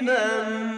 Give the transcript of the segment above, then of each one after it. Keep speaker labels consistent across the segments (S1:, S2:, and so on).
S1: من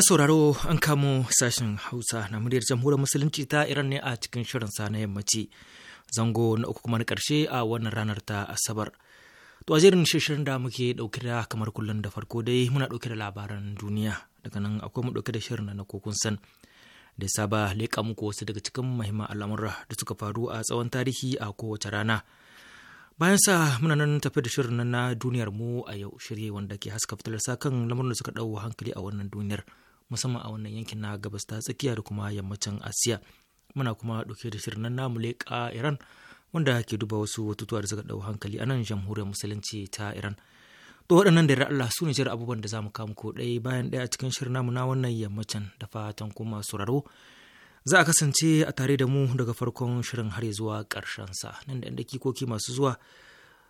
S2: Masu sauraro an kamo sashen Hausa na muryar jamhuriyar Musulunci ta Iran ne a cikin shirin sa na yammaci. Zango na uku kuma na karshe a wannan ranar ta Asabar. To a jerin shirin da muke dauke da kamar kullum da farko dai muna dauke da labaran duniya. Daga nan akwai mu dauke da shirin na kokun san. Da saba leƙa muku wasu daga cikin muhimman al'amura da suka faru a tsawon tarihi a kowace rana. bayan sa muna nan tafi da shirin na duniyar mu a yau shirye wanda ke haska fitilar sa kan lamarin da suka ɗauwa hankali a wannan duniyar musamman a wannan yankin na gabas ta tsakiya da kuma yammacin asiya muna kuma ɗauke da shirin nan namu leƙa iran wanda ke duba wasu batutuwa da suka dau hankali a nan jamhuriyar musulunci ta iran to waɗannan da Allah su ne shirin abubuwan da za mu kamu ko ɗaya bayan ɗaya a cikin shirin namu na wannan yammacin da fatan kuma sauraro za a kasance a tare da mu daga farkon shirin har zuwa karshen sa nan da ɗan dakikoki masu zuwa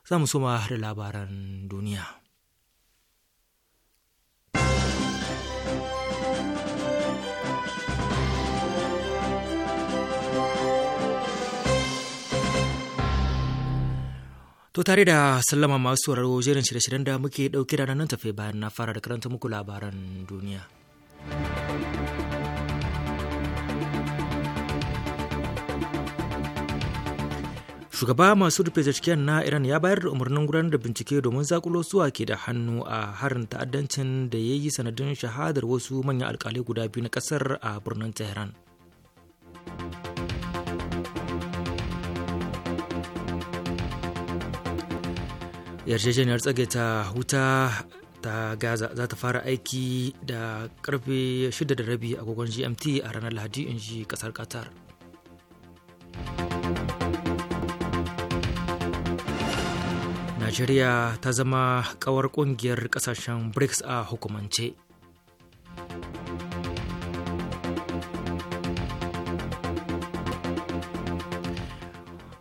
S2: za mu soma da labaran duniya. To tare da sallama masu sauraro jerin shirye-shiryen da muke dauke da nan tafe bayan na fara da karanta muku labaran duniya. Shugaba masu rufe zaciken na Iran ya bayar da umarnin gudanar da bincike domin zakulo suwa ke da hannu a harin ta'addancin da ya yi sanadin shahadar wasu manyan alkalai guda biyu na kasar a birnin Tehran. yarjejeniyar tsage ta huta ta gaza za ta fara aiki da karfe 6:30 agogon gmt a ranar lahadi in ji kasar qatar najeriya ta zama kawar kungiyar kasashen brics a hukumance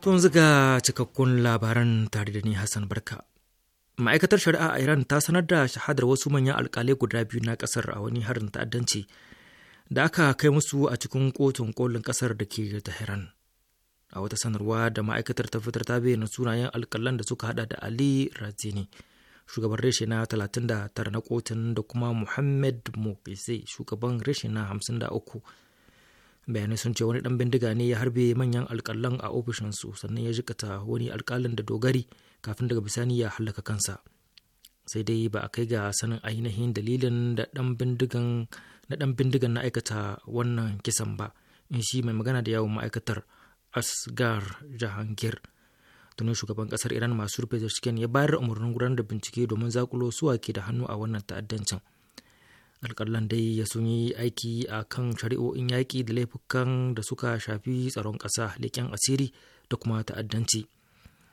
S2: tun zuga cikakkun labaran tare da ni hassan barka ma'aikatar shari'a a iran ta sanar da shahadar wasu manyan alkalai guda biyu na kasar a wani harin ta'addanci da aka kai musu a cikin kotun kolin kasar da ke tehran a wata sanarwa da ma'aikatar ta fitar ta bayyana sunayen alkalan da suka hada da ali razini shugaban reshe na 39 na kotun da kuma muhammad mokese shugaban reshe na 53 bayanai sun ce wani dan bindiga ne ya harbe manyan alkalan a ofishinsu sannan ya jikata wani alkalin da dogari kafin daga bisani ya hallaka kansa sai dai ba a kai ga sanin ainihin dalilin da dan bindigan na dan bindigan na aikata wannan kisan ba in shi mai magana da yawon ma'aikatar asgar jahangir tunan shugaban kasar iran masu rufe zarciken ya bayar umarnin gudanar da bincike domin zakulo suwa ke da hannu a wannan ta'addancin alƙallan dai ya sun yi aiki a kan shari'o'in yaƙi da laifukan da suka shafi tsaron ƙasa leƙen asiri da kuma ta'addanci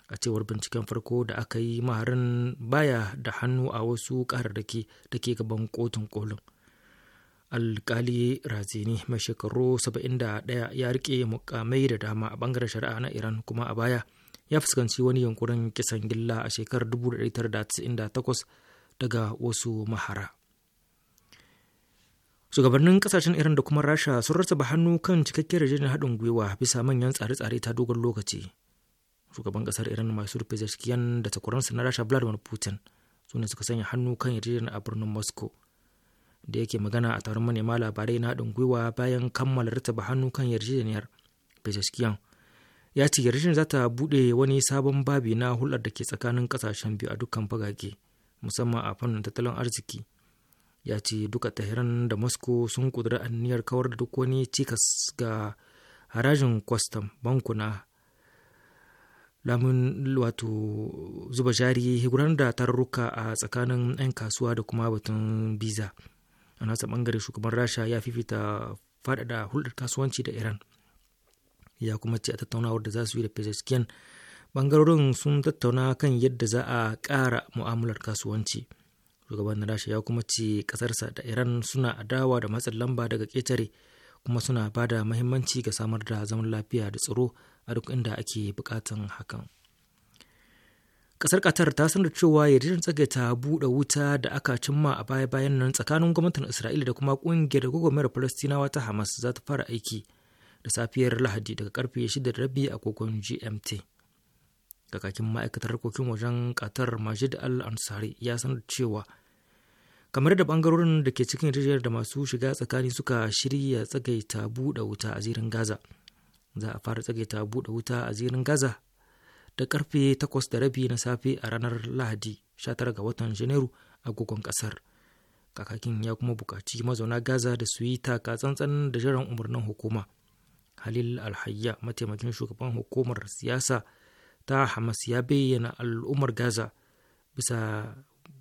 S2: a cewar binciken farko da aka yi maharin baya da hannu a wasu kararraki da ke gaban kotun kolin alkali razini mai shekaru 71 ya rike mukamai da dama a bangaren shari'a na iran kuma a baya ya fuskanci wani yankurin kisan gilla a shekarar 1998 daga wasu mahara shugabannin kasashen iran da kuma rasha sun rasa ba hannu kan cikakkiyar jirgin haɗin gwiwa bisa manyan tsare-tsare ta dogon lokaci shugaban kasar iran masu pezeshkian da takwaransa na rasha vladimir putin su ne suka sanya hannu kan yarjejeniyar a birnin moscow da yake magana a taron manema labarai na haɗin gwiwa bayan kammala rataba hannu kan yarjejeniyar pezeshkian ya ce yarjejeniyar za ta buɗe wani sabon babi na hulɗar da ke tsakanin ƙasashen biyu a dukkan fagage musamman a fannin tattalin arziki ya ce duka tahiran da moscow sun ƙudiri aniyar kawar da duk wani cikas ga harajin kwastam bankuna lamun wato zuba jari gudanar da tarurruka a tsakanin 'yan kasuwa da kuma batun biza a nasa bangare shugaban rasha ya fifita faɗaɗa hulɗar kasuwanci da iran ya kuma ce a tattaunawar da za su yi da pezeshkian bangarorin sun tattauna kan yadda za a ƙara mu'amalar kasuwanci shugaban rasha ya kuma ce ƙasarsa da iran suna adawa da matsin lamba daga ƙetare kuma suna ba da mahimmanci ga samar da zaman lafiya da tsaro a duk inda ake bukatan hakan kasar qatar ta sanar cewa yarjejen tsagaita buɗe wuta da aka cimma a baya bayan nan tsakanin gwamnatin isra'ila da kuma ƙungiyar gwagwarmayar falastinawa ta hamas za ta fara aiki da safiyar lahadi daga karfe a kogon gmt kakakin ma'aikatar harkokin wajen qatar majid al ansari ya sanar cewa kamar da bangarorin da ke cikin yarjejen da masu shiga tsakani suka shirya tsagaita buɗe wuta a zirin gaza za a fara tsage ta buɗe wuta a zirin gaza da karfe 8:30 da rabi na safe a ranar lahadi 19 ga watan janairu a agogon kasar kakakin ya kuma buƙaci mazauna gaza da su yi taka tsantsan da jiran umarnin hukuma halil alhayya mataimakin shugaban hukumar siyasa ta hamas ya bayyana al'ummar gaza bisa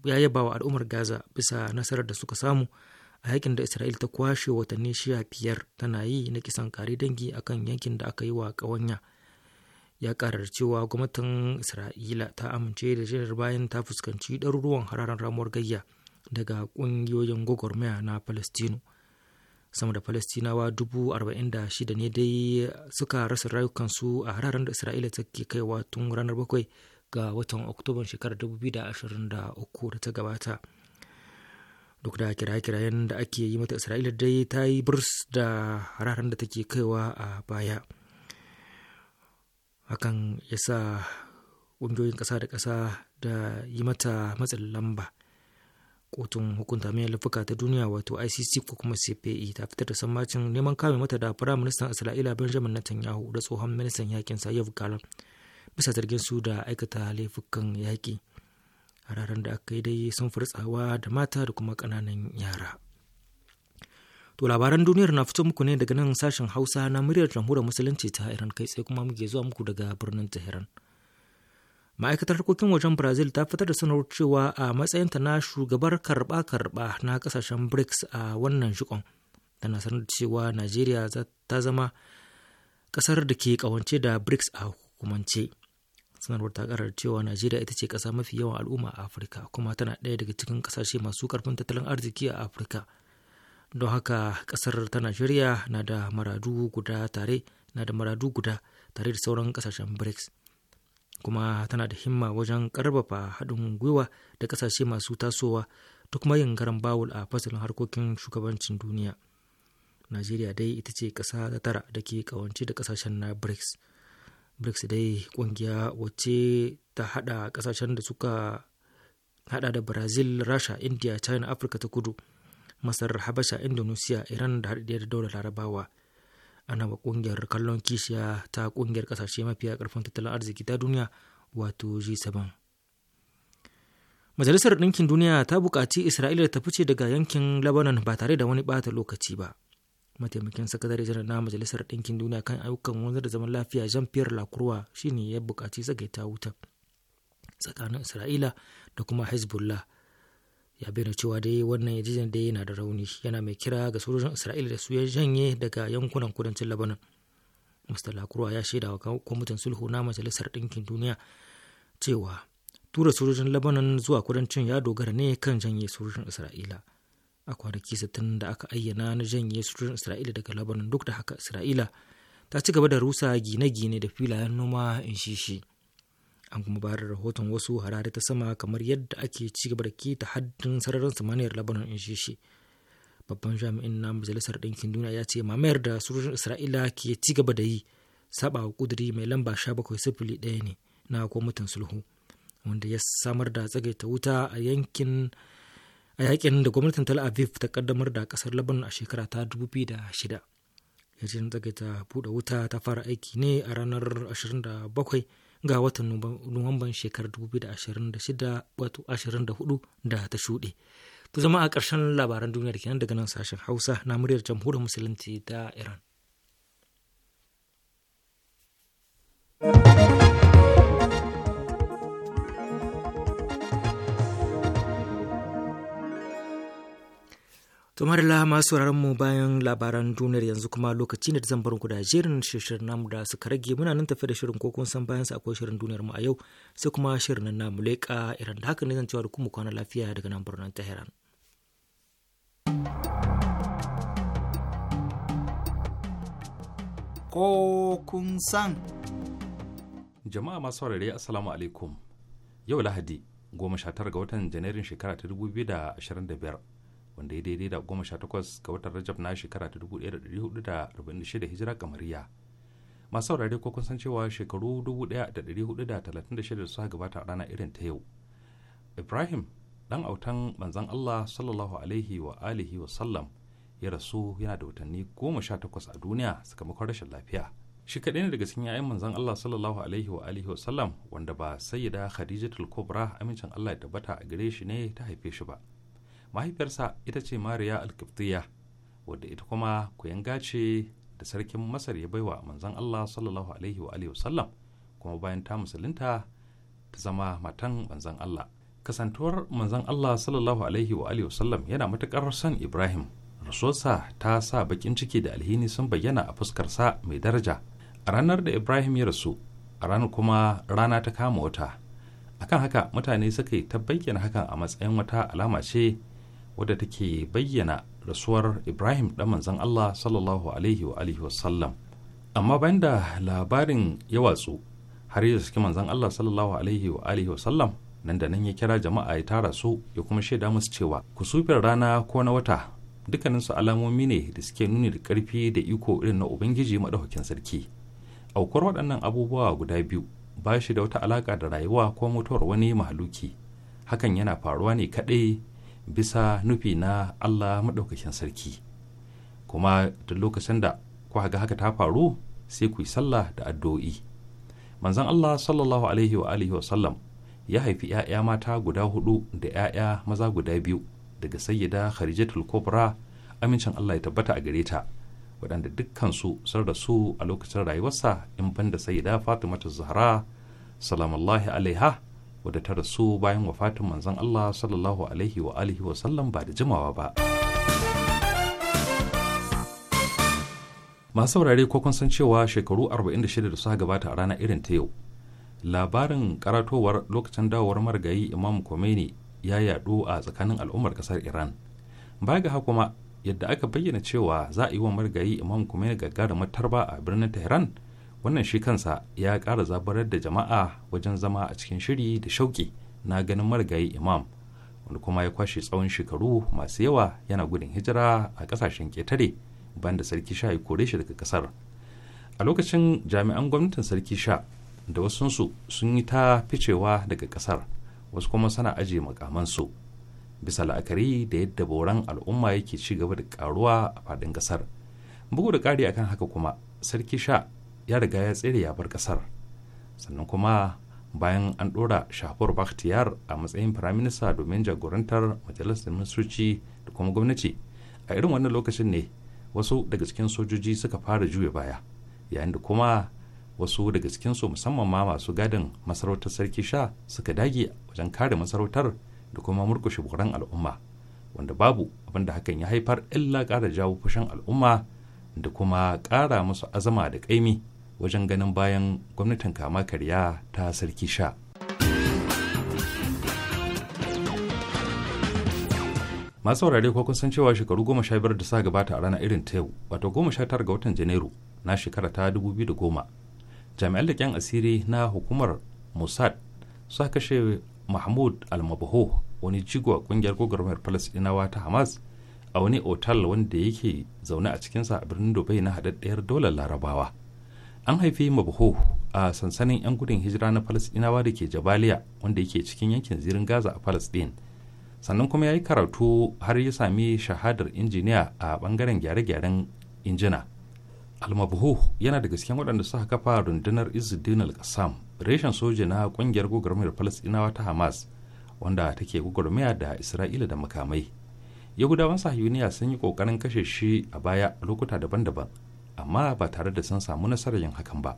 S2: ya yaba wa al'ummar gaza bisa nasarar da suka samu a yakin da isra'il ta kwashe watanni shiya biyar tana yi na kisan kare dangi a kan yankin da aka yi wa ƙawanya ya karar cewa gwamnatin isra'ila ta amince da shirar bayan ta fuskanci ɗaruruwan hararen ramuwar gayya daga ƙungiyoyin gwagwarmaya na palestino sama da palestinawa dubu arba'in da shida ne dai suka rasa rayukansu a hararen da isra'ila ta ke kaiwa tun ranar bakwai ga watan oktoban shekarar 2023 da ta gabata duk da kiraye-kirayen da ake yi mata isra'ila dai ta yi burs da hararen da take kaiwa a baya hakan ya sa ƙungiyoyin ƙasa da ƙasa da yi mata matsin lamba kotun hukunta mai laifuka ta duniya wato icc ko kuma cpe ta fitar da sammacin neman kame mata da firayim ministan isra'ila benjamin netanyahu da tsohon ministan yakin sa yav galan bisa zargin su da aikata laifukan yaƙi hararen da aka yi dai sun furtsawa da mata da kuma kananan yara to labaran duniyar na fito muku ne daga nan sashen hausa na muryar jamhuriyar musulunci ta iran kai tsaye kuma muke zuwa muku daga birnin tehran ma'aikatar harkokin wajen brazil ta fitar da sanarwar cewa a matsayinta na shugabar karba-karba na kasashen brics a wannan shikon tana sanar da cewa najeriya ta zama kasar da ke kawance da brics a hukumance sanarwar ta karar cewa najeriya ita ce ƙasa mafi yawan al'umma a afirka kuma tana ɗaya daga cikin ƙasashe masu ƙarfin tattalin arziki a afirka don haka ƙasar ta najeriya na da maradu guda tare na da maradu guda tare da sauran ƙasashen brics kuma tana da himma wajen ƙarfafa haɗin gwiwa da ƙasashe masu tasowa da kuma yin garan bawul a fasalin harkokin shugabancin duniya najeriya dai ita ce ƙasa ta tara da ke ƙawance da ƙasashen na brics brics dai kungiya wacce ta hada kasashen da suka hada da brazil rasha india china afirka ta kudu masar habasha indonesia iran da da daular larabawa ana ba kungiyar kallon kishiya ta kungiyar kasashe mafiya karfin tattalin arziki ta duniya wato g7 majalisar ɗinkin duniya ta bukaci isra'ila ta fice daga yankin lebanon ba tare da wani bata lokaci ba mataimakin sakatare janar na majalisar ɗinkin duniya kan ayyukan wanzar da zaman lafiya jean pierre lacroix shine ya buƙaci tsagaita wuta tsakanin isra'ila da kuma hezbollah ya bayyana cewa dai wannan yarjejeniyar da yana da rauni yana mai kira ga sojojin isra'ila da su ya janye daga yankunan kudancin labanan mr lacroix ya shaida wa kwamitin sulhu na majalisar ɗinkin duniya cewa tura sojojin labanan zuwa kudancin ya dogara ne kan janye sojojin isra'ila a kwanaki 60 da aka ayyana na janye sojojin isra'ila daga labanon duk da haka isra'ila ta ci gaba da rusa gine-gine da filayen noma in shishi an kuma bayar da rahoton wasu harare ta sama kamar yadda ake ci gaba da keta haddin sararin samaniyar labarin in shishi babban jami'in na majalisar ɗinkin duniya ya ce mamayar da sojojin isra'ila ke ci gaba da yi saba wa kuduri mai lamba sifili ɗaya ne na kwamitin sulhu wanda ya samar da tsagaita wuta a yankin a yakin da gwamnatin tel aviv ta kaddamar da kasar laban a shekara ta 2006 yarjejin ta buɗe wuta ta fara aiki ne a ranar 27 ga watan nuwamban shekarar 2026 wato 24 da ta shuɗe ta zama a ƙarshen labaran duniyar kenan daga nan sashen hausa na muryar jamhuriyar musulunci ta iran Tumar la masu mu bayan labaran duniyar yanzu kuma lokaci ne da zan bar ku da jerin shirin namu da suka rage muna nan tafi da shirin ko san bayan sa akwai shirin duniyar mu a yau sai kuma shirin nan namu leka irin da haka ne zan cewa da kuma kwana lafiya daga nan birnin Tehran.
S3: Ko san.
S4: Jama'a masu saurare Assalamu alaikum. Yau Lahadi, goma sha ga watan Janairun shekara ta dubu biyu da ashirin da biyar, wanda ya daidai da goma sha takwas ga watan rajab na shekara ta dubu ɗaya da dari hudu da arba'in da shida hijira kamariya masu saurare ko kun san cewa shekaru dubu ɗaya da ɗari hudu da talatin da shida da suka gabata a rana irin ta yau ibrahim dan autan manzan allah sallallahu alaihi wa alihi wa sallam ya rasu yana da watanni goma sha takwas a duniya sakamakon rashin lafiya shi kaɗai ne daga cikin 'ya'yan manzan Allah sallallahu alaihi wa alihi wa sallam wanda ba sayyida Khadijatul Kubra amincin Allah ya tabbata a gare shi ne ta haife shi ba mahaifiyarsa ita ce mariya alkiftiya wadda ita kuma kuyanga ce da sarkin masar ya baiwa manzon allah sallallahu alaihi wa alihi wasallam kuma bayan ta musulunta ta zama matan manzon allah kasantuwar manzon allah sallallahu alaihi wa alihi wasallam yana matukar son ibrahim rasuwarsa ta sa bakin ciki da alhini sun bayyana a fuskarsa mai daraja a ranar da ibrahim ya rasu a ranar kuma rana ta kama wata akan haka mutane suka yi ta bayyana hakan a matsayin wata alama ce wadda take bayyana rasuwar ibrahim ɗan manzon allah sallallahu alaihi wa amma bayan da labarin ya watsu har ya suke manzon allah sallallahu alaihi wa nan da nan ya kira jama'a ya tara su ya kuma shaida musu cewa kusufin rana ko na wata dukkaninsu alamomi ne da suke nuni da karfi da iko irin na ubangiji maɗaukakin sarki aukuwar waɗannan abubuwa guda biyu ba shi da wata alaƙa da rayuwa ko mutuwar wani mahaluki hakan yana faruwa ne kaɗai bisa nufi na Allah maɗaukakin sarki kuma duk lokacin da ku ga haka ta faru sai ku yi sallah da addu'o'i manzon Allah sallallahu alaihi wa alihi sallam ya haifi ‘ya'ya mata guda hudu da ‘ya'ya maza guda biyu daga sayyida khadijatul kubra amincin Allah ya tabbata a gare ta waɗanda dukkansu sun rasu a lokacin rayuwarsa in banda sayyida fatimatu zahra salamallahi alaiha wadda ta rasu bayan wafatin manzon Allah sallallahu alaihi wa alihi wa sallam ba da jimawa ba. Masu saurare ko kun san cewa shekaru 46 da suka gabata a rana irin ta yau. Labarin karatowar lokacin dawowar marigayi Imam Khomeini ya yaɗu a tsakanin al'ummar kasar Iran. Baya ga kuma yadda aka bayyana cewa za a yi wa marigayi Imam Khomeini gagarumar tarba a birnin Tehran wannan shi kansa ya ƙara zabarar da jama'a wajen zama a cikin shiri da shauƙi na ganin marigayi imam wanda kuma ya kwashe tsawon shekaru masu yawa yana gudun hijira a ƙasashen ƙetare banda sarki sha ya kore shi daga ƙasar a lokacin jami'an gwamnatin sarki sha da wasunsu sun yi ta ficewa daga ƙasar wasu kuma suna ajiye makamansu bisa la'akari da yadda boran al'umma yake ci gaba da karuwa a faɗin ƙasar bugu da ƙari akan haka kuma sarki sha ya riga ya tsere ya bar kasar sannan kuma bayan an ɗora shafar bakhtiyar a matsayin firaminista domin jagorantar majalisar ministoci da kuma gwamnati a irin wannan lokacin ne wasu daga cikin sojoji suka fara juya baya yayin da kuma wasu daga cikin su musamman ma masu gadin masarautar sarki sha suka dage wajen kare masarautar da kuma murkushe buran al'umma wanda babu abin da hakan ya haifar illa kara jawo fushin al'umma da kuma kara musu azama da kaimi. wajen ganin bayan gwamnatin kama karya ta sarki sha masu saurare ko kun san cewa shekaru goma sha biyar da sa gabata a ranar irin ta yau wato goma sha tara ga watan janairu na shekara ta dubu biyu da goma jami'an leƙen asiri na hukumar mossad suka kashe mahmud almabaho wani jigo a ƙungiyar gwagwarmayar palestinawa ta hamas a wani otal wanda yake zaune a cikinsa a birnin dubai na haɗaɗɗiyar dolar larabawa an haife mabuhu a sansanin 'yan gudun hijira na falasdinawa da ke jabaliya wanda yake cikin yankin zirin gaza a falasɗin sannan kuma ya yi karatu har ya sami shahadar injiniya a bangaren gyare-gyaren injina almabuhu yana da gaske waɗanda suka kafa rundunar izuddin al reshen soja na ƙungiyar gwagwarmayar falasɗinawa ta hamas wanda take gwagwarmaya da isra'ila da makamai yahudawan sahiyuniya sun yi ƙoƙarin kashe shi a baya lokuta daban-daban amma ba tare da sun samu nasarar yin hakan ba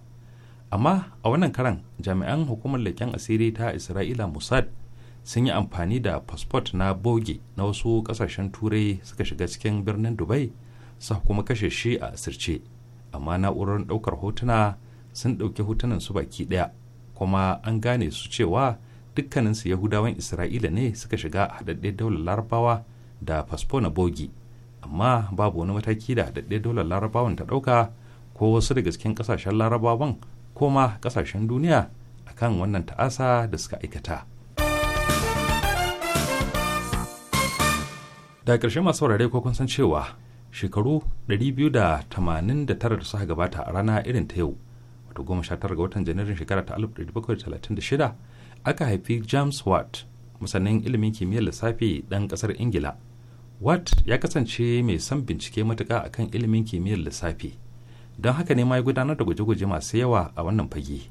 S4: amma a wannan karan jami'an hukumar leƙen asiri ta isra'ila mossad sun yi amfani da fasfot na boge na wasu ƙasashen turai suka shiga cikin birnin dubai su kuma kashe shi a asirce amma na'urar ɗaukar hotuna sun ɗauki hotunan su baki ɗaya kuma an gane su cewa dukkaninsu yahudawan isra'ila ne suka shiga haɗaɗɗen daular larabawa da fasfo na bogi amma babu wani mataki da daɗe dole larabawan ta ɗauka ko wasu daga cikin ƙasashen larabawan ko ma ƙasashen duniya a kan wannan ta'asa da suka aikata da ƙarshe masu saurare ko kun san cewa shekaru 289 da suka gabata a rana irin ta yau wato 19 ga watan janairun shekara ta 1736 aka haifi james watt masanin ilimin kimiyyar lissafi ɗan ƙasar ingila Watt ya kasance mai son bincike matuka akan ilimin kimiyyar lissafi, don haka ne ma ya gudanar da gwaje-gwaje masu yawa a wannan fage,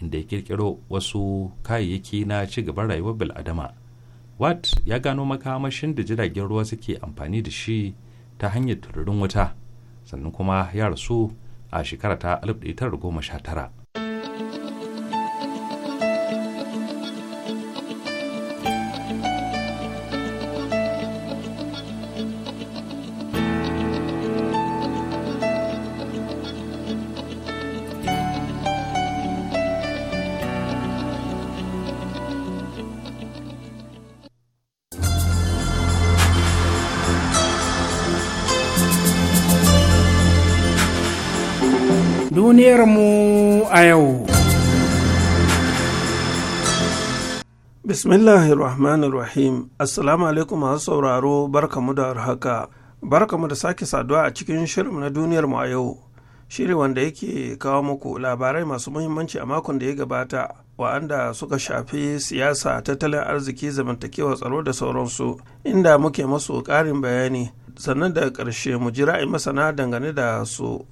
S4: inda ya kirkiro wasu kayayyaki na ci gaban rayuwar bil'adama. Watt ya gano makamashin da jiragen ruwa suke amfani da shi ta hanyar tururin wuta, sannan kuma ya rasu a shekara ta 1919.
S5: mu a yau. Rahim, Assalamu alaikum masu sauraro barkamu da haka. Barkamu da sake saduwa a cikin shirin na duniyar mu a yau. Shiri wanda yake kawo muku labarai masu muhimmanci a makon da ya gabata wa'anda suka shafi siyasa, tattalin arziki, zamantakewa tsaro da sauransu, inda muke masu ƙarin bayani. sannan da ƙarshe mu ji ra'ayi masana dangane da su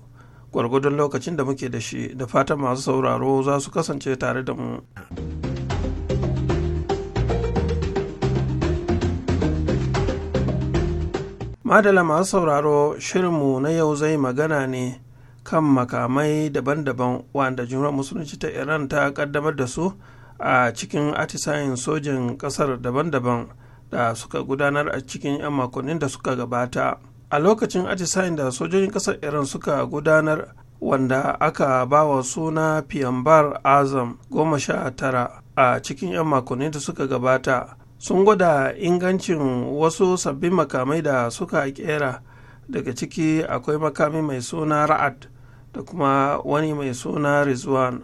S5: gwargwadon lokacin da muke da shi da fatan masu sauraro za su kasance tare da mu. Madala masu sauraro shirinmu na yau zai magana ne kan makamai daban-daban wanda jumhuriyar musulunci ta Iran ta kaddamar da su a cikin atisayin sojin kasar daban-daban da suka gudanar a cikin 'yan makonnin da suka gabata. a lokacin sain da sojojin ƙasar iran suka gudanar wanda aka ba wa suna piyambar azam goma sha tara a cikin 'yan makonni da suka gabata sun gwada ingancin wasu sabbin makamai da suka kera daga ciki akwai makami mai suna ra'ad da kuma wani mai suna rizwan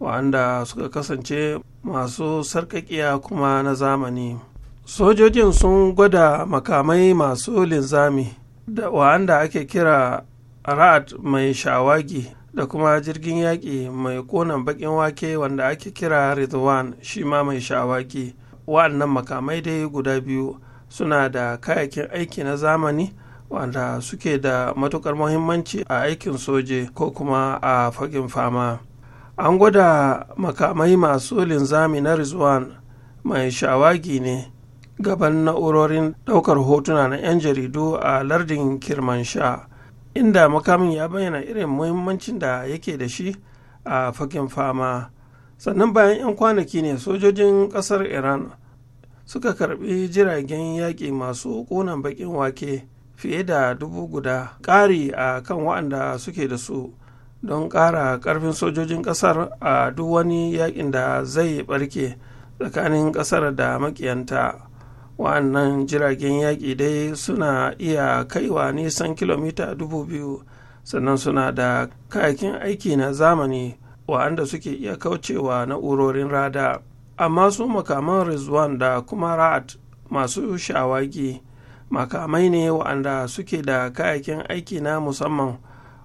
S5: wa'anda suka kasance masu sarkakiya kuma na zamani sojojin sun gwada makamai masu linzami da wa'anda ake kira 'Rat' mai shawagi da kuma jirgin yaƙi mai ƙonan baƙin wake wanda ake kira Rizwan shi ma mai shawagi, wa'annan makamai dai guda biyu suna da kayakin aiki na zamani wanda suke da matukar muhimmanci a aikin soje ko kuma a fagen fama an gwada makamai masu linzami na rizwan mai shawagi ne gaban na'urorin ɗaukar hotuna na 'yan jaridu a lardin kirmansha inda makamin ya bayyana irin muhimmancin da yake da shi a fagen fama sannan bayan 'yan kwanaki ne sojojin ƙasar iran suka karbi jiragen yaƙi masu ƙunan baƙin wake fiye da dubu guda ƙari a kan wa'anda suke da su don ƙara ƙarfin sojojin ƙasar a duk wani yaƙin da zai ɓarke tsakanin ƙasar da makiyanta wa'annan jiragen yaƙi dai suna iya kaiwa nisan kilomita dubu biyu sannan suna da kayakin aiki na zamani wa'anda suke iya kaucewa na'urorin rada amma su makaman rizwan da kuma rat masu shawagi makamai ne wa'anda suke da kayakin aiki na musamman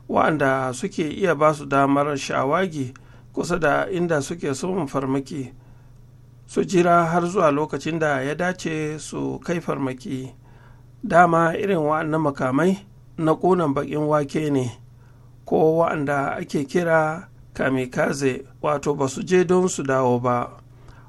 S5: wa'anda suke iya basu damar shawagi kusa da inda suke son farmaki su jira har zuwa lokacin da ya dace su kai farmaki dama irin wa'annan makamai na ƙunan baƙin wake ne ko wa'anda ake kira kamikaze wato ba su je don su dawo ba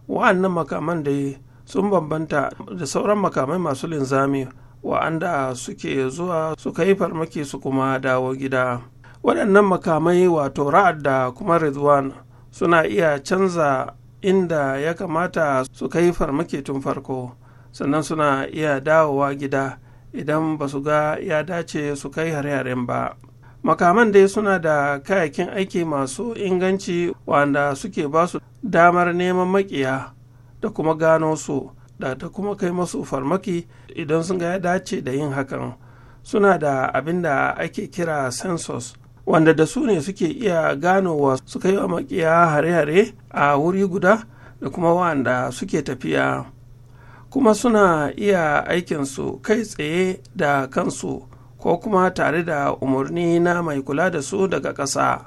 S5: wa'annan makaman dai sun bambanta da sauran makamai masu linzami wa'anda suke zuwa su kai farmaki su kuma dawo gida waɗannan makamai wato ra'ad da kuma rizwan suna iya canza inda ya kamata su kai farmaki tun farko sannan suna iya dawowa gida idan ba su ga ya dace su kai hare-haren ba makaman dai suna da kayakin aiki masu inganci wanda suke ba su damar neman makiya da kuma gano su da ta kuma kai masu farmaki idan sun ga ya dace da yin hakan suna da abin da ake kira sensors. wanda da su ne suke iya ganowa suka yi wa makiya hare-hare a wuri guda da kuma wanda suke tafiya kuma suna iya aikinsu kai tsaye da kansu ko kuma tare da umarni na mai kula da su daga ƙasa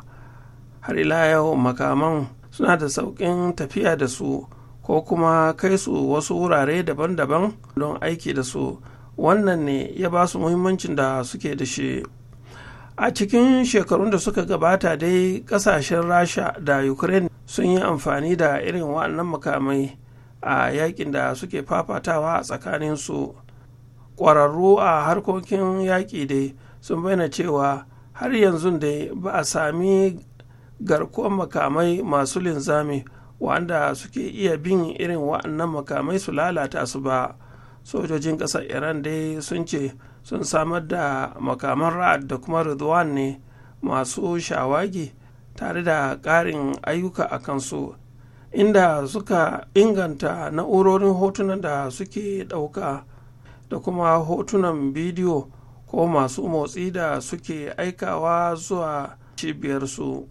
S5: har ila yau makaman suna da sauƙin tafiya da su ko kuma kai su wasu wurare daban-daban don aiki da su wannan ne ya ba su muhimmancin da suke da shi a cikin shekarun da suka gabata dai kasashen rasha da ukraine sun yi amfani da irin waɗannan makamai a yakin da suke fafatawa a tsakaninsu ƙwararru a harkokin yaƙi dai sun bayyana cewa har yanzu dai ba a sami garkuwar makamai masu linzami wanda suke iya bin irin waɗannan makamai su lalata su ba sojojin ƙasar iran dai sun ce sun samar da makaman ra'ad da kuma ridwan ne masu shawagi tare da ƙarin ayyuka a kansu inda suka inganta na'urorin hotunan da suke ɗauka da kuma hotunan bidiyo ko masu motsi da suke aikawa zuwa cibiyarsu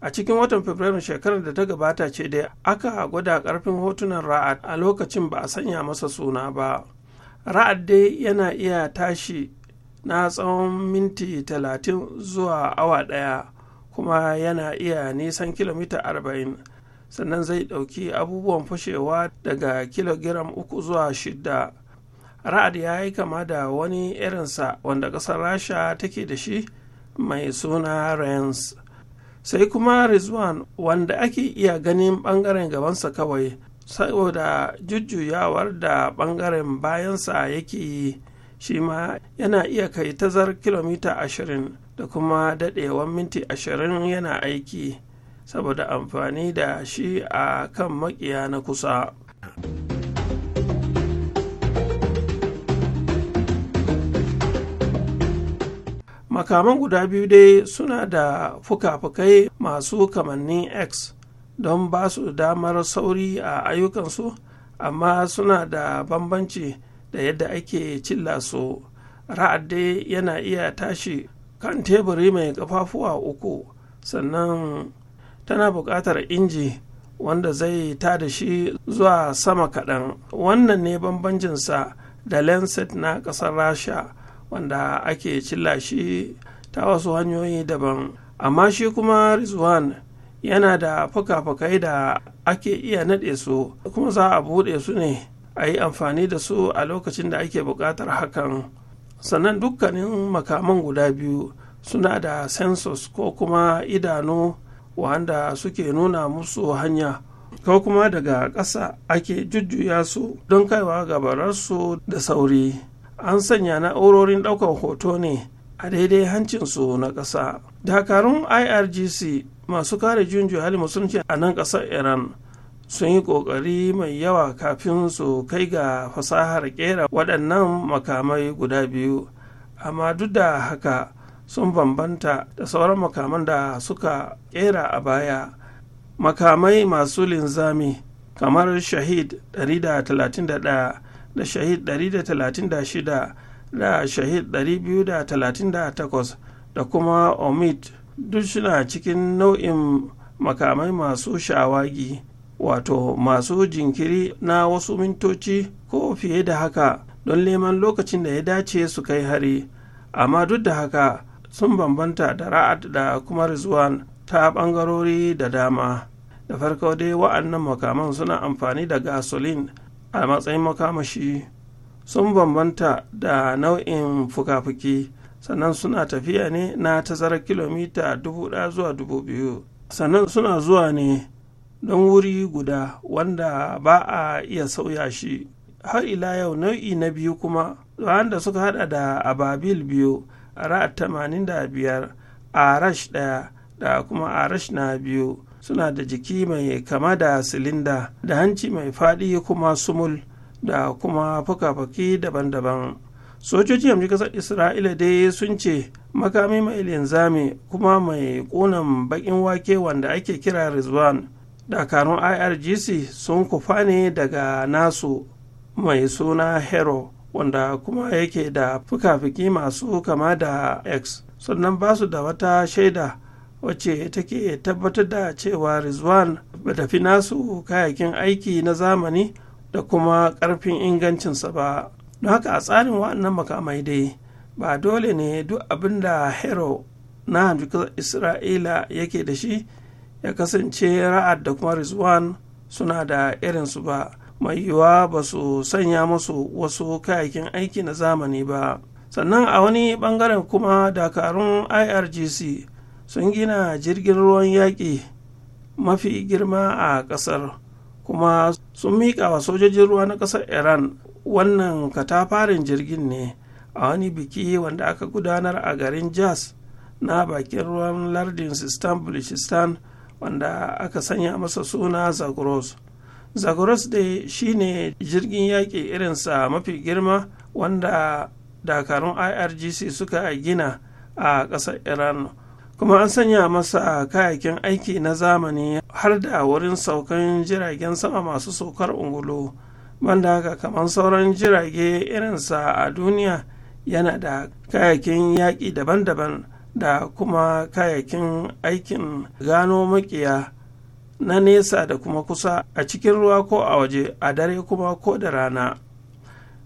S5: a cikin watan fabrairu shekarar da ta gabata ce dai aka gwada ƙarfin hotunan ra'ad a lokacin ba a sanya masa suna ba ra'ad dai yana iya tashi na tsawon minti talatin zuwa awa ɗaya kuma yana iya nisan kilomita arba'in sannan zai ɗauki abubuwan fashewa daga kilogiram uku zuwa shidda ra'ad ya yi kama da wani irinsa wanda ƙasar rasha take da shi mai suna rens sai kuma rizwan wanda ake iya ganin ɓangaren gabansa kawai saboda jujjuyawar da ɓangaren bayansa yake yi shi ma yana iya kai tazar kilomita ashirin da kuma dadewan minti ashirin yana aiki saboda amfani da shi a kan maƙiya na kusa. makaman guda biyu dai suna da fuka-fukai masu kamannin x don ba su damar sauri a ayyukansu amma suna da bambanci da yadda ake cilla su ra'adde yana iya tashi kan teburi mai kafafuwa uku sannan tana buƙatar inji wanda zai ta da shi zuwa sama kaɗan wannan ne bambancinsa da lancet na ƙasar rasha wanda ake cilla shi ta wasu hanyoyi daban amma shi kuma rizwan yana da fuka-fukai da ake iya naɗe su kuma za a buɗe su ne a yi amfani da su a lokacin da ake buƙatar hakan sannan dukkanin makaman guda biyu suna da sensus ko kuma idanu wanda suke nuna musu hanya ko kuma daga ƙasa ake jujjuya su don kaiwa gabararsu da sauri an sanya na'urorin ɗaukar hoto ne a daidai hancinsu na ƙasa dakarun irgc masu kare juyin juhali musulunci a nan ƙasar iran sun yi ƙoƙari mai yawa kafin su kai ga fasahar ƙera waɗannan makamai guda biyu amma duk da haka sun bambanta da sauran makaman da suka ƙera a baya makamai masu linzami kamar shahid 131 da shahid 136 da shahid 238 da kuma omid duk suna cikin nau'in makamai masu shawagi wato masu jinkiri na wasu mintoci ko fiye da haka don neman lokacin da ya dace su kai hari amma duk da haka sun bambanta da ra'ad da kuma rizwan ta ɓangarori da dama da farko dai wa'annan makaman suna amfani da gasolin a matsayin makamashi sun bambanta da nau'in fuka-fuki sannan suna tafiya ne na tazarar kilomita dubu ɗaya zuwa dubu biyu sannan suna zuwa ne don wuri guda wanda ba a iya sauya shi har ila yau nau'i na biyu kuma wanda suka hada da ababil biyu a tamanin da biyar arash ɗaya da kuma arash na biyu suna da jiki mai kama da silinda da hanci mai faɗi kuma sumul da kuma fuka-fuki daban-daban sojojin hamshi kasar isra'ila dai sun ce makami mai linzami kuma mai ƙunan baƙin wake wanda ake kira rizwan dakarun irgc sun kufa ne daga nasu mai suna hero wanda kuma yake da fuka-fuki masu kama da x sannan ba su da wata shaida wacce take tabbatar da cewa rizwan ba tafi nasu kayakin aiki na zamani da kuma ƙarfin ingancinsa ba don haka a tsarin wa'annan makamai dai ba dole ne duk abin da hero na hamjikar isra'ila yake da shi ya kasance ra'ad da kuma rizwan suna da irinsu ba mai yiwuwa ba su sanya musu wasu kayakin aiki na zamani ba sannan a wani bangaren kuma dakarun irgc sun gina jirgin ruwan yaƙi mafi girma a ƙasar kuma sun miƙa wa sojojin ruwa na ƙasar iran wannan katafarin jirgin ne a wani biki wanda aka gudanar a garin jazz na bakin ruwan lardin sistan bulishistan wanda aka sanya masa suna zagros zagros dai shine jirgin yaƙi irinsa mafi girma wanda dakarun irgc suka gina a ƙasar iran kuma an sanya masa kayakin aiki na zamani har da wurin saukan jiragen sama masu saukar ungulu banda haka kamar sauran jirage irinsa a duniya yana da kayakin yaƙi daban-daban da kuma kayakin aikin gano makiya na nesa da kuma kusa a cikin ruwa ko a waje a dare kuma ko da rana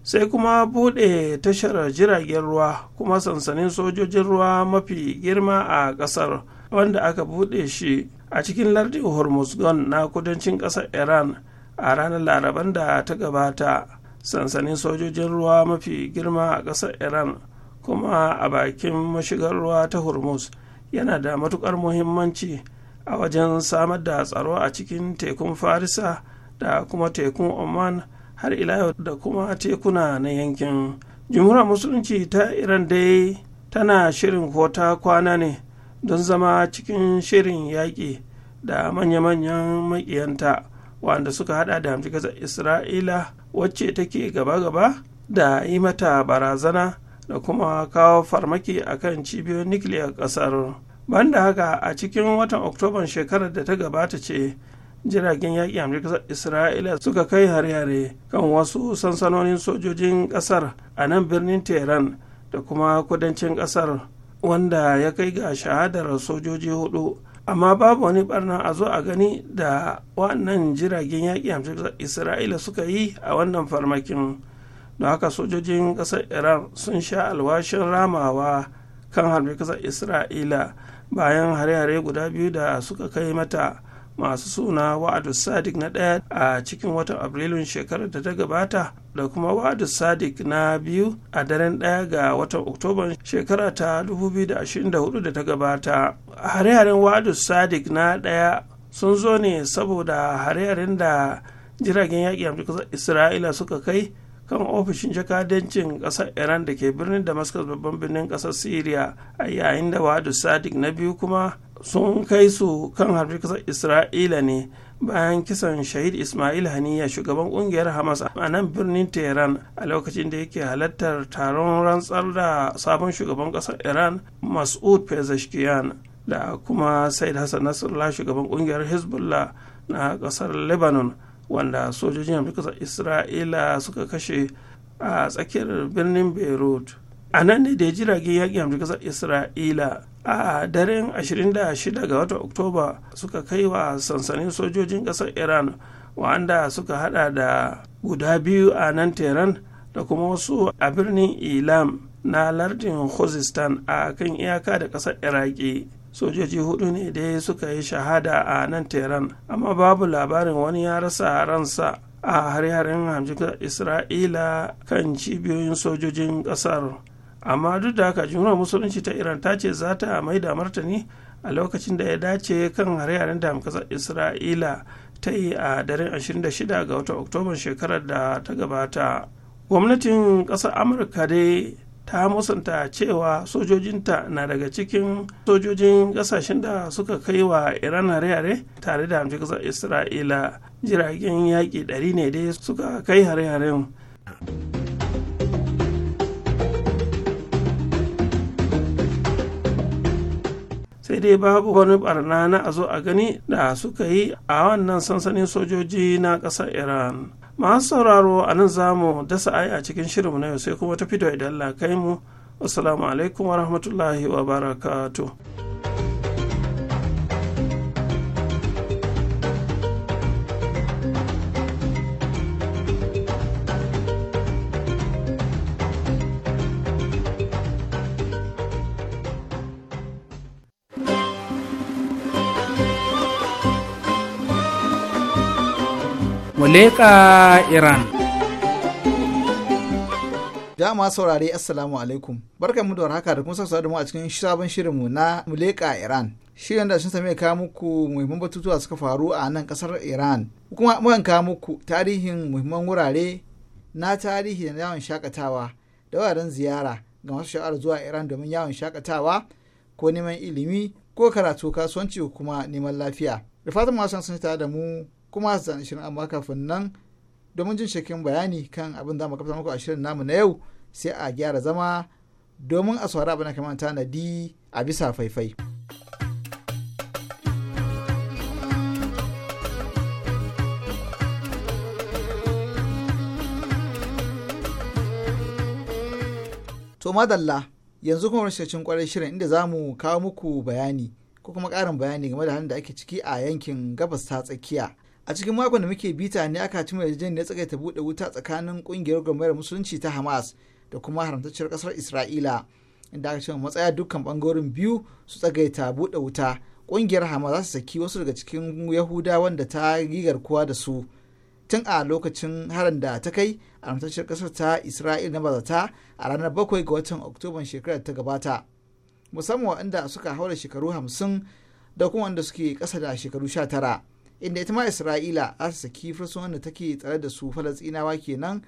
S5: sai kuma buɗe tashar jiragen ruwa kuma sansanin sojojin ruwa mafi girma a ƙasar wanda aka buɗe shi a cikin lardin hormuzgon na kudancin ƙasar iran a ranar laraban da ta gabata sansanin sojojin ruwa mafi girma a ƙasar iran kuma a bakin mashigar ruwa ta hormuz yana da matukar muhimmanci a wajen samar da tsaro a cikin tekun farisa da kuma tekun oman har ila yau da kuma tekuna na yankin jumhuriyar musulunci ta iran dai tana shirin ko ta kwana ne don zama cikin shirin yaƙi da manya-manyan makiyanta. wanda suka hada da hamci isra'ila wacce take gaba-gaba da yi mata barazana da kuma kawo farmaki a kan cibiyoyin nukiliyar kasar banda haka a cikin watan oktoban shekarar da ta gabata ce jiragen yaƙi amurka isra'ila suka kai hare-hare kan wasu sansanonin sojojin ƙasar a nan birnin tehran da kuma kudancin ƙasar wanda ya kai ga shahadar sojoji hudu amma babu wani barna a zo a gani da wannan jiragen yaƙi hamsin isra'ila suka yi a wannan farmakin don haka sojojin ƙasar iran sun sha alwashin ramawa kan harbin ƙasar isra'ila bayan hare-hare guda biyu da suka kai mata masu suna wa'adu sadiq na ɗaya a cikin watan abrilun shekarar da ta gabata da kuma wa'adu sadiq na biyu a daren daya ga watan oktoban shekara ta 2024 da ta gabata hare-haren wa'adu sadiq na daya sun zo ne saboda hare-haren da jiragen yaƙi amurka isra'ila suka kai kan ofishin jakadancin ƙasar iran da ke birnin damascus babban birnin ƙasar syria a yayin da wa'adu sadiq na biyu kuma sun kai su kan harfi ƙasar isra'ila ne bayan kisan shahid ismail haniya shugaban kungiyar hamas a nan birnin tehran a lokacin da yake halartar taron rantsar da sabon shugaban kasar iran mas'ud pezeshkian da kuma said hassan nasrallah shugaban kungiyar hezbollah na kasar lebanon wanda sojojin amurka isra'ila suka kashe a tsakiyar birnin beirut a nan ne da jirage yaƙi amurka isra'ila a daren 26 ga watan oktoba suka kai wa sansanin sojojin ƙasar iran wanda suka hada da guda biyu a nan tehran da kuma wasu a birnin ilam na lardin khuzistan a kan iyaka da ƙasar iraki sojoji hudu ne dai suka yi shahada a nan tehran amma babu labarin wani ya rasa ransa a hare-haren hamjika isra'ila kan cibiyoyin sojojin ƙasar amma duk da haka jumhuriyar musulunci ta iran ta ce za ta mai da martani a lokacin da ya dace kan hare-haren da hamkasar isra'ila ta yi a daren 26 ga watan oktoban shekarar da ta gabata gwamnatin ƙasar amurka dai ta musanta cewa sojojinta na daga cikin sojojin ƙasashen da suka kai wa iran hare-hare tare da hamshin ƙasar isra'ila jiragen yaƙi 100 ne dai suka kai hare-haren sai dai babu wani barna na a zo a gani da suka yi a wannan sansanin sojoji na ƙasar iran masu sauraro a nan za mu dasa ai a cikin shirinmu na yau sai kuma ta fito idan Allah kai mu assalamu alaikum wa rahmatullahi wa
S4: leƙa iran
S3: dama saurare assalamu alaikum barkanmu da warhaka da kuma sassa da mu a cikin sabon shirinmu na muleka iran shirin da sun same kawo muku muhimman batutuwa suka faru a nan kasar iran kuma muka kawo muku tarihin muhimman wurare na tarihi da yawon shakatawa da wuraren ziyara ga masu sha'ar zuwa iran domin yawon shakatawa ko neman ilimi ko karatu kasuwanci ko kuma neman lafiya da fatan masu sun tare da mu kuma su zan shirin amma kafin nan domin jin shekin bayani kan abin da mu kafa muku a shirin namu na yau sai a gyara zama domin a saurari abin da kamar tanadi a bisa faifai. To madalla yanzu kuma rashin kwarai shirin inda za mu kawo muku bayani ko kuma ƙarin bayani game da halin da ake ciki a yankin gabas ta tsakiya a cikin makon da muke bita ne aka ne tsakai tsakaita buɗe wuta tsakanin kungiyar gwamnati musulunci ta hamas da kuma haramtacciyar kasar isra'ila inda aka cimma matsaya dukkan bangarorin biyu su tsagaita buɗe wuta ƙungiyar hamas za su saki wasu daga cikin yahuda wanda ta yi garkuwa da su tun a lokacin harin da ta kai a haramtacciyar kasar ta isra'ila na bazata a ranar bakwai ga watan oktoban shekarar ta gabata musamman waɗanda suka haura shekaru hamsin da kuma wanda suke kasa da shekaru sha inda ita ma isra'ila za ta saki fursunan da take tsare da su falastinawa kenan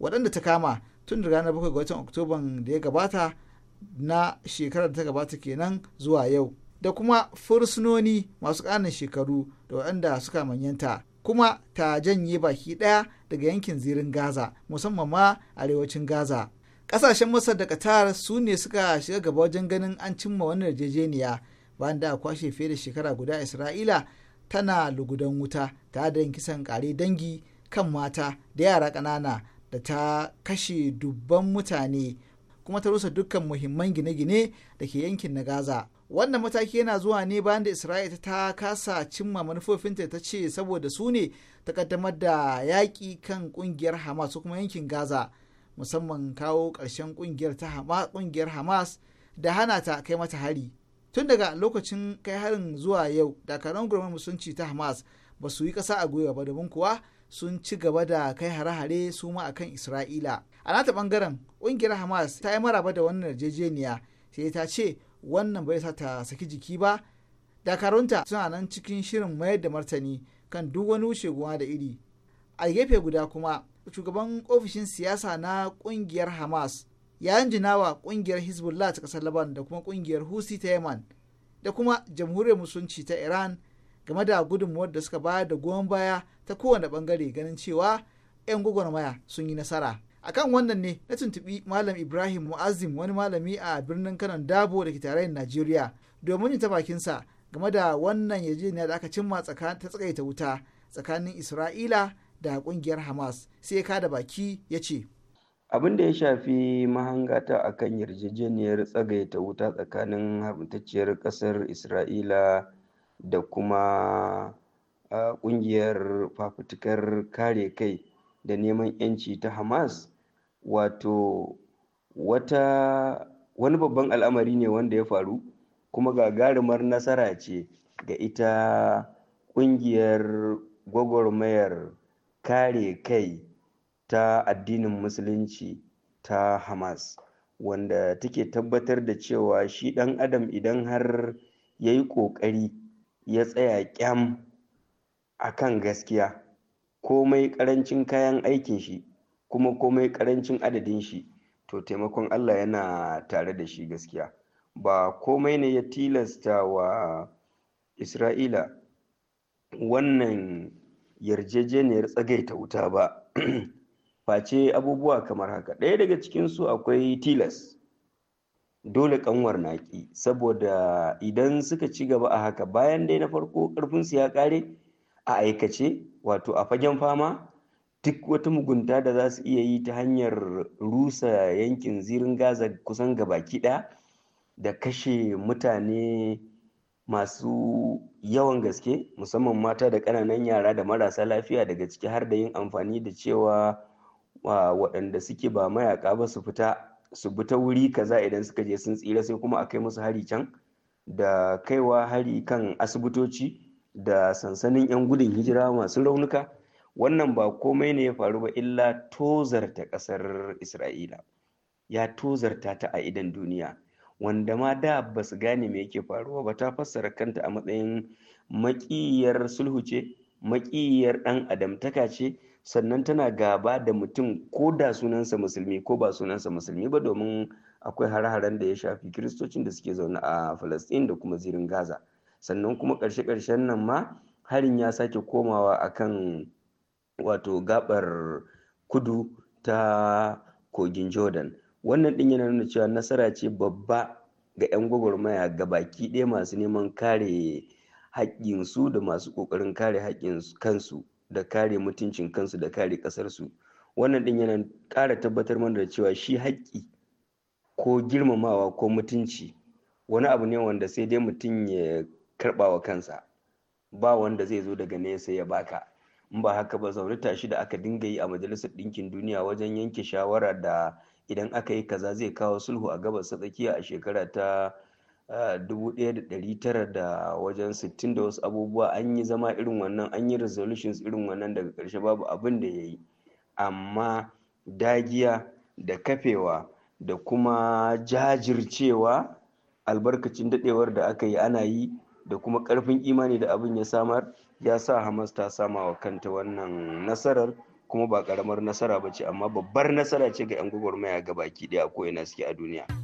S3: waɗanda ta kama tun da ranar bakwai ga watan oktoban da ya gabata na shekarar da ta gabata kenan zuwa yau da kuma fursunoni masu ƙananan shekaru da waɗanda suka manyanta kuma ta janye baki ɗaya daga yankin zirin gaza musamman ma arewacin gaza ƙasashen masar da qatar su ne suka shiga gaba wajen ganin an cimma wannan yarjejeniya bayan da a kwashe fiye da shekara guda isra'ila tana lugudan wuta ta da kisan kare dangi kan mata da yara ƙanana da ta kashe dubban mutane kuma ta rusa dukkan muhimman gine-gine da ke yankin na gaza wannan mataki yana zuwa ne bayan da isra'ila ta kasa cimma manufofinta ta ce saboda su ne ta kaddamar da yaƙi kan ƙungiyar hamas kuma yankin gaza musamman kawo ƙarshen ƙungiyar hamas da hana ta kai mata hari tun daga lokacin kai harin zuwa yau dakarun gurman musulunci ta hamas ba su yi kasa a gwiwa ba domin kuwa sun ci gaba da kai hare-hare su ma akan isra'ila a nata bangaren ƙungiyar hamas ta yi maraba da wannan yarjejeniya sai ta ce wannan bai sa ta saki jiki ba dakarunta suna nan cikin shirin mayar da martani kan duk wani wuce goma da iri a gefe guda kuma shugaban ofishin siyasa na ƙungiyar hamas ya jinawa wa ƙungiyar hezbollah ta ƙasar laban da kuma kungiyar husi ta yaman da kuma jamhuriyar musulunci ta iran game da gudunmuwar da suka bayar da goyon baya ta kowane bangare ganin cewa 'yan gwagwarmaya sun yi nasara akan wannan ne na tuntubi malam ibrahim mu'azzim wani malami a birnin kanon dabo da ke tarayyar najeriya domin ta bakinsa game da wannan yarjejeniya da aka cimma ta tsakaita wuta tsakanin isra'ila da kungiyar hamas sai ka da baki ya ce
S6: abin da ya shafi mahangata a kan yarjejeniyar tsagaita wuta tsakanin haramtacciyar ƙasar isra'ila da kuma ƙungiyar fafutukar kare kai da neman 'yanci ta hamas wato wata wani babban al'amari ne wanda ya faru kuma gagarumar nasara ce ga ita ƙungiyar gwagwarmayar kare kai ta addinin musulunci ta hamas wanda take tabbatar da cewa shi ɗan adam idan har ya yi ƙoƙari ya tsaya kyam a kan gaskiya komai ƙarancin kayan aikin shi kuma komai ƙarancin adadin shi to taimakon allah yana tare da shi gaskiya ba komai ne ya tilasta wa isra'ila wannan yarjejeniyar tsagaita wuta ba face abubuwa kamar haka ɗaya daga cikin su akwai tilas dole kanwar naƙi saboda idan suka ci gaba a haka bayan dai na farko ƙarfinsu ya ƙare a aikace wato a fagen fama duk wata mugunta da za su iya yi ta hanyar rusa yankin zirin gaza kusan gabaki kiɗa da kashe mutane masu yawan gaske musamman mata da ƙananan yara da marasa lafiya daga ciki har da yin amfani da cewa waɗanda suke ba mayaka ba su fita su bi ta wuri kaza idan suka je sun tsira sai kuma a kai musu hari can da kaiwa hari kan asibitoci da sansanin 'yan gudun hijira masu raunuka wannan ba komai ne ya faru ba illa tozarta ƙasar isra'ila ya tozarta ta a idan duniya wanda ma da ba su gane me yake faruwa ba ta fassara kanta a matsayin maƙiyar sulhu ce maƙiyar ɗan adamtaka ce sannan tana gaba da mutum ko da sunansa musulmi ko ba sunansa musulmi ba domin akwai har-haren da ya shafi kiristocin da suke zaune a falastin da kuma zirin gaza sannan kuma ƙarshe-ƙarshen nan ma harin ya sake komawa akan wato gabar kudu ta kogin jordan wannan ɗin yana nuna cewa nasara ce babba ga 'yan gwagwarmaya ga baki ɗaya masu neman kare haƙƙinsu da masu ƙoƙarin kare haƙƙin kansu da kare mutuncin kansu da kare ƙasarsu wannan din yana ƙara tabbatar mana da cewa shi haƙƙi ko girmamawa ko mutunci wani abu ne wanda sai dai mutum ya karɓa wa kansa ba wanda zai zo daga nesa ya baka in ba haka ba zaune tashi da aka dinga yi a majalisar ɗinkin duniya wajen yanke shawara da idan aka yi kaza zai kawo sulhu a gabas ta tsakiya a shekara ta 1900 da wajen 60 da wasu abubuwa an yi zama irin wannan an yi resolutions irin wannan daga ƙarshe babu abin da ya yi amma dagiya da kafewa da kuma jajircewa albarkacin daɗewar da aka yi ana yi da kuma karfin imani da abin ya samar ya sa hamas ta sama wa kanta wannan nasarar kuma ba ƙaramar nasara ba ce amma babbar nasara ce ga 'yan gwagwarmaya ga baki ɗaya ko ina suke a duniya.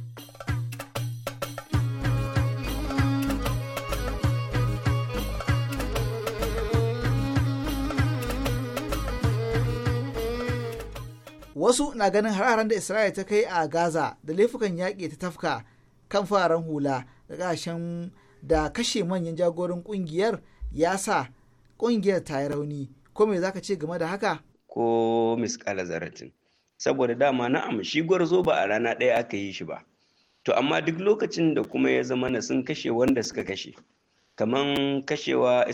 S3: wasu na ganin hararen da isra'ila ta kai a gaza da laifukan yaƙi ta tafka kan fararen hula da da kashe manyan jagorin ƙungiyar ya sa ƙungiyar ta yi rauni ko me za ka ce game da haka
S6: ko miskala zaratin saboda dama na'am shi gwarzo ba a rana ɗaya aka yi shi ba to amma duk lokacin da kuma ya zama na sun kashe wanda suka kashe kaman kashewa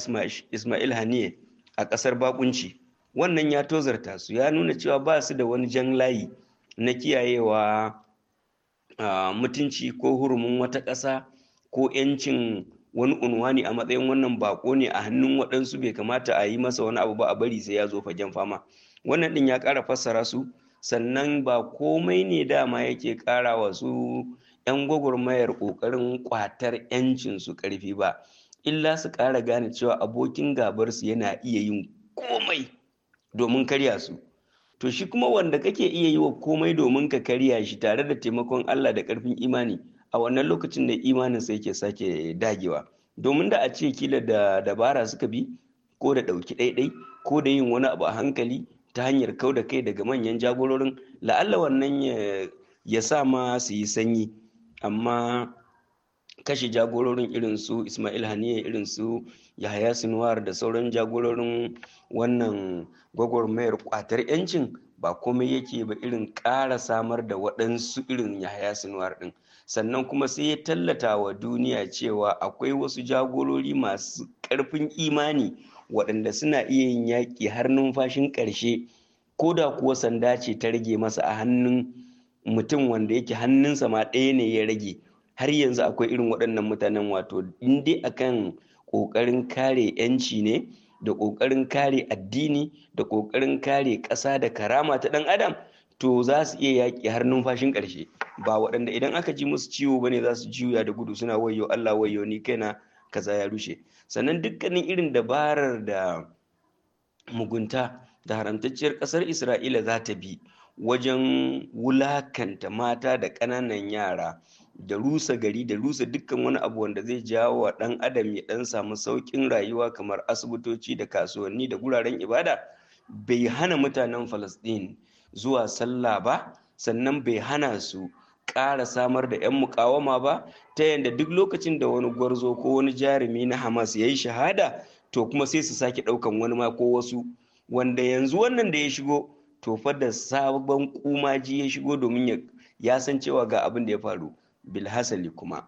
S6: ismail haniye a ƙasar bakunci wannan ya tozarta su ya nuna cewa ba su da wani jan layi na kiyayewa mutunci ko hurumin wata ƙasa ko 'yancin wani unwani a matsayin wannan bako ne a hannun waɗansu bai kamata a yi masa wani abu ba a bari sai ya zo fagen fama wannan ɗin ya ƙara fassara su sannan ba komai ne dama yake ƙara wa su 'yan gwagwarmayar ƙoƙarin ƙwatar 'yancin su ƙarfi ba illa su ƙara gane cewa abokin gabar su yana iya yin komai domin karya su to shi kuma wanda kake iya yi wa komai domin ka karya shi tare da taimakon Allah da karfin imani a wannan lokacin da imanin sai ke sake dagewa domin da a ce kila da dabara suka bi ko da ɗauki ɗaiɗai ko da yin wani abu a hankali ta hanyar kau da kai daga manyan jagororin la'alla wannan ya sa ma su yi sanyi amma kashe jagororin irinsu ismail haniya irin su yahaya sinuwar da sauran jagororin wannan gwagwarmayar kwatar yancin ba komai yake ba irin ƙara samar da waɗansu irin yahaya sinuwar ɗin sannan kuma sai ya tallata wa duniya cewa akwai wasu jagorori masu ƙarfin imani waɗanda suna iya yin yaƙi har numfashin ƙarshe ko da kuwa sanda ce ta rage masa a hannun mutum wanda yake hannunsa ma ɗaya ne ya rage har yanzu akwai irin waɗannan mutanen wato in dai akan ƙoƙarin kare 'yanci ne da ƙoƙarin kare addini da ƙoƙarin kare ƙasa da karama ta ɗan adam to za su iya yaƙi har numfashin ƙarshe ba waɗanda idan aka ji musu ciwo bane za su juya da gudu suna wayo Allah wayo ni kaina kaza ya rushe sannan dukkanin irin dabarar da mugunta da haramtacciyar ƙasar Isra'ila za ta bi wajen wulakanta mata da ƙananan yara da rusa gari da rusa dukkan wani abu wanda zai jawo wa ɗan adam ya ɗan samu saukin rayuwa kamar asibitoci da kasuwanni da guraren ibada bai hana mutanen falasɗin zuwa sallah ba sannan bai hana su ƙara samar da 'yan mukawama ba ta yadda duk lokacin da wani gwarzo ko wani jarumi na hamas ya yi shahada to kuma sai su sake ɗaukan wani ma ko wasu wanda yanzu wannan da ya shigo to fa da sabon kumaji ya shigo domin ya san cewa ga abin da ya faru bilhasali kuma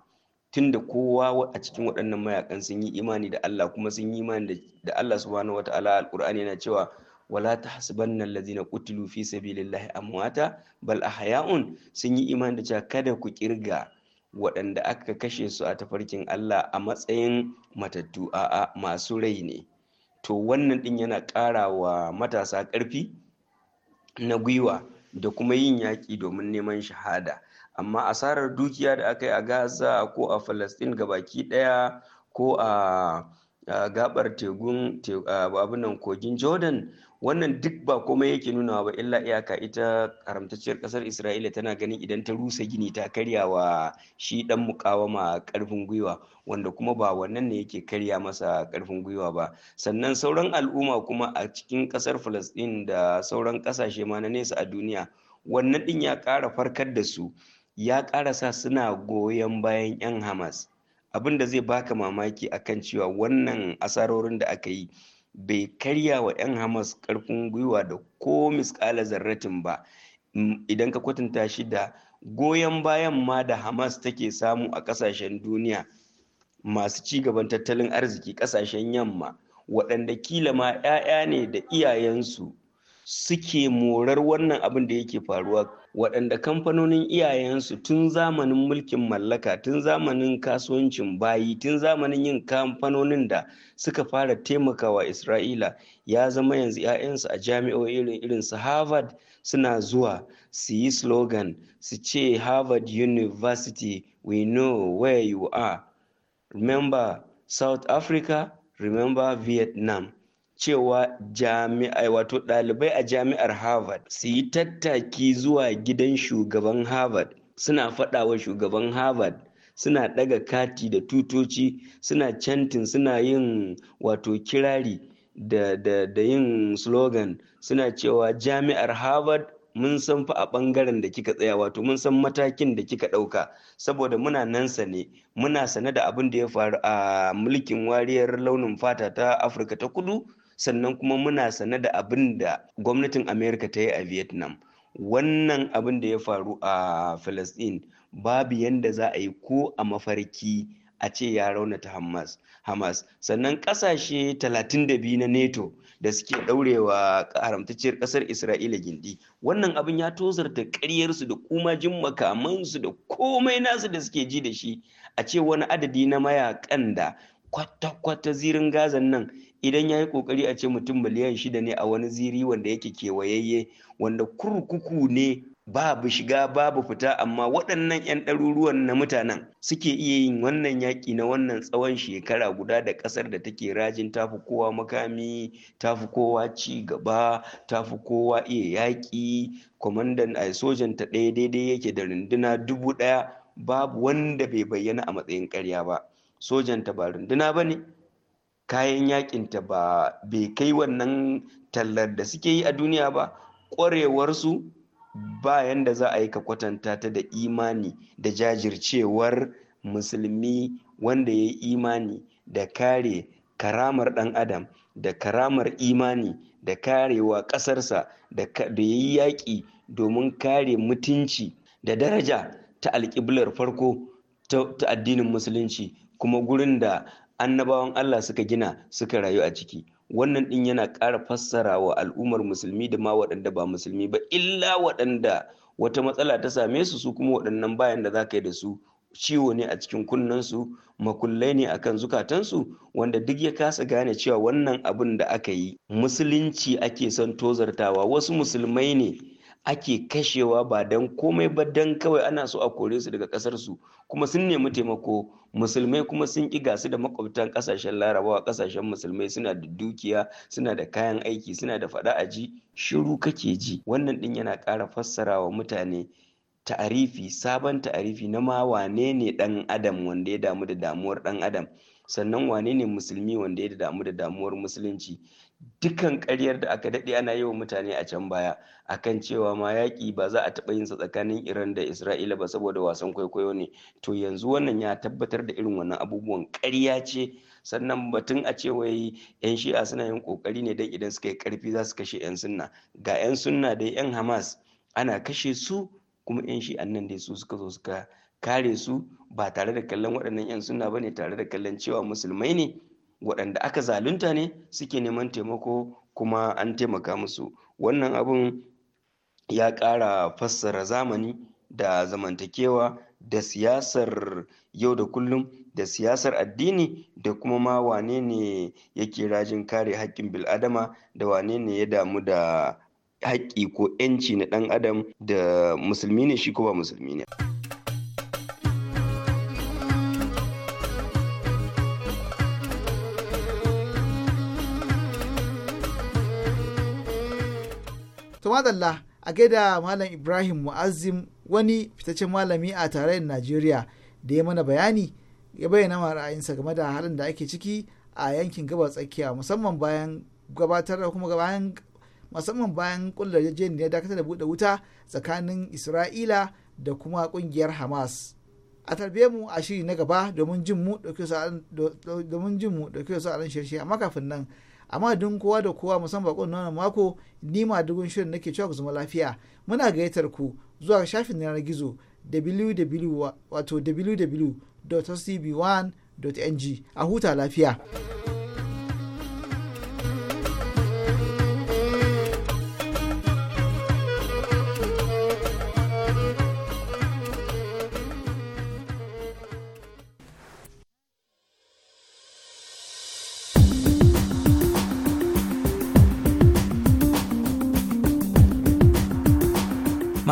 S6: tunda kowa a cikin waɗannan mayakan sun yi imani da Allah kuma sun yi imani da Allah subhanahu yana cewa wala ta tahsabanna allazina qutilu fi sabilillahi amwata bal ahya'un sun yi imani da cewa kada ku ƙirga waɗanda aka kashe su a tafarkin Allah a matsayin matattu a'a masu rai ne to wannan din yana ƙara wa matasa ƙarfi na gwiwa da kuma yin yaƙi domin neman shahada amma asarar dukiya da aka yi a gaza ko a falastin baki daya ko a gabar tegun kogin jordan wannan duk ba komai yake nuna ba illa iyaka ita haramtacciyar kasar isra'ila tana ganin idan ta rusa gini ta karya wa shi dan mukawama karfin gwiwa wanda kuma ba wannan ne yake karya masa karfin gwiwa ba sannan sauran al'umma kuma a cikin kasar falastin da sauran kasashe ma na nesa a duniya wannan din ya kara farkar da su ya ƙarasa suna goyon bayan 'yan hamas abin da zai baka mamaki a kan cewa wannan asarorin da aka yi bai karya wa 'yan hamas ƙarfin gwiwa da ko miskala zarratin ba mm, idan ka kwatanta shi da goyon bayan ma da hamas take samu a ƙasashen duniya masu ci gaban tattalin arziki ƙasashen yamma waɗanda kila ma 'ya'ya ne da iyayensu suke morar wannan abin da yake faruwa waɗanda kamfanonin iyayensu tun zamanin mulkin mallaka tun zamanin kasuwancin bayi tun zamanin yin kamfanonin da suka fara taimakawa isra'ila ya zama yanzu 'ya'yansu a jami'o'i irin su harvard suna zuwa su yi slogan su ce harvard university we know where you are remember south africa remember vietnam cewa jami'ai wato ɗalibai a jami'ar harvard su yi tattaki zuwa gidan shugaban harvard suna faɗawa shugaban harvard suna ɗaga kati da tutoci suna cantin suna yin wato kirari da, da, da yin slogan suna cewa jami'ar harvard mun san fa a ɓangaren da kika tsaya wato mun san matakin da kika ɗauka saboda muna nan sane muna sane da abin da ya faru a mulkin wariyar launin fata ta afirka ta kudu sannan kuma muna sane da abin da gwamnatin amerika ta yi a vietnam wannan abin da ya faru a Falasɗin babu yadda za a yi ko a mafarki a ce ya raunata Hamas. Hamas sannan kasashe 32 na NATO da suke daurewa haramtacciyar kasar Isra'ila gindi. Wannan abin ya tozarta karyarsu da kumajin makamansu da komai nasu da suke ji da shi a ce wani adadi na mayakan da kwata-kwata zirin gazan nan idan ya yi kokari a ce mutum miliyan shida ne a wani ziri wanda yake kewayayye wanda kurkuku ne babu shiga babu fita amma waɗannan 'yan ɗaruruwan na mutanen suke iya yin wannan yaƙi na wannan tsawon shekara guda da ƙasar da take rajin tafi kowa makami tafi kowa ci gaba tafi kowa iya yaƙi kwamandan a eh, sojan ta ɗaya daidai yake da runduna dubu ɗaya babu wanda bai bayyana a matsayin ƙarya ba sojan ta ba runduna ba ne kayan yakinta ba bai kai wannan tallar da suke yi a duniya ba ƙwarewarsu ba yanda za a yi ka kwatanta ta da imani da jajircewar musulmi wanda ya yi imani da kare karamar ɗan adam da karamar imani da karewa ƙasarsa da ya yi yaƙi domin kare mutunci da daraja ta alƙiblar farko ta addinin musulunci kuma gurin da annabawan Allah suka gina suka rayu a ciki wannan din yana ƙara fassara wa al'ummar musulmi da ma waɗanda ba musulmi ba illa waɗanda wata matsala ta same su su kuma waɗannan bayan da za ka yi da su ciwo ne a cikin kunnensu makullai ne akan zukatansu wanda duk ya kasa gane cewa wannan abin da aka yi musulunci ake son tozartawa wasu musulmai ne ake kashewa ba don komai ba don kawai ana so a kore su daga kasar su kuma sun nemi taimako musulmai kuma sun ƙi su da makwabtan kasashen larabawa ƙasashen musulmai suna da dukiya suna da kayan aiki suna da faɗa a ji shiru kake ji wannan ɗin yana ƙara fassara wa mutane ta'arifi sabon ta'arifi na ma wane ne dan adam wanda ya damu da damuwar dan adam sannan wane ne musulmi wanda ya damu da damuwar musulunci dukan karyar da aka daɗe ana yi wa mutane a can baya akan cewa ma yaƙi ba za a taɓa sa tsakanin iran da isra'ila ba saboda wasan kwaikwayo ne to yanzu wannan ya tabbatar da irin wannan abubuwan ƙarya ce sannan batun a ce wai yan shi'a suna yin ƙoƙari ne don idan suka yi ƙarfi za su kashe yan sunna ga yan sunna da yan hamas ana kashe su kuma yan shi'an nan dai su suka zo suka kare su ba tare da kallon waɗannan yan sunna ba ne tare da kallon cewa musulmai ne waɗanda aka zalunta ne suke neman taimako kuma an taimaka musu wannan abun ya ƙara fassara zamani da zamantakewa da siyasar yau da kullum da siyasar addini da kuma ma wane ne yake rajin kare haƙƙin bil'adama da wane ne ya damu da haƙƙi ko 'yanci na ɗan adam da musulmi ne shi ko ba musulmi ne.
S3: madalla a gaida malam ibrahim mu'azzim wani fitaccen malami a tarayyar najeriya da ya mana bayani ya bayyana ma ra'ayinsa game da halin da ake ciki a yankin gabas tsakiya musamman bayan gabatar kuma bayan musamman bayan kullar ya dakatar da buɗe wuta tsakanin isra'ila da kuma kungiyar hamas a tarbiyyar mu a shiri na gaba domin jin mu ɗauke su a ran shirye amma kafin nan amma dun kowa da kowa musamman bakon nan mako ni ma dugun shirin nake cewa ku zama lafiya muna gayyatar ku zuwa shafin yanar gizo www.tcb1.ng a huta lafiya.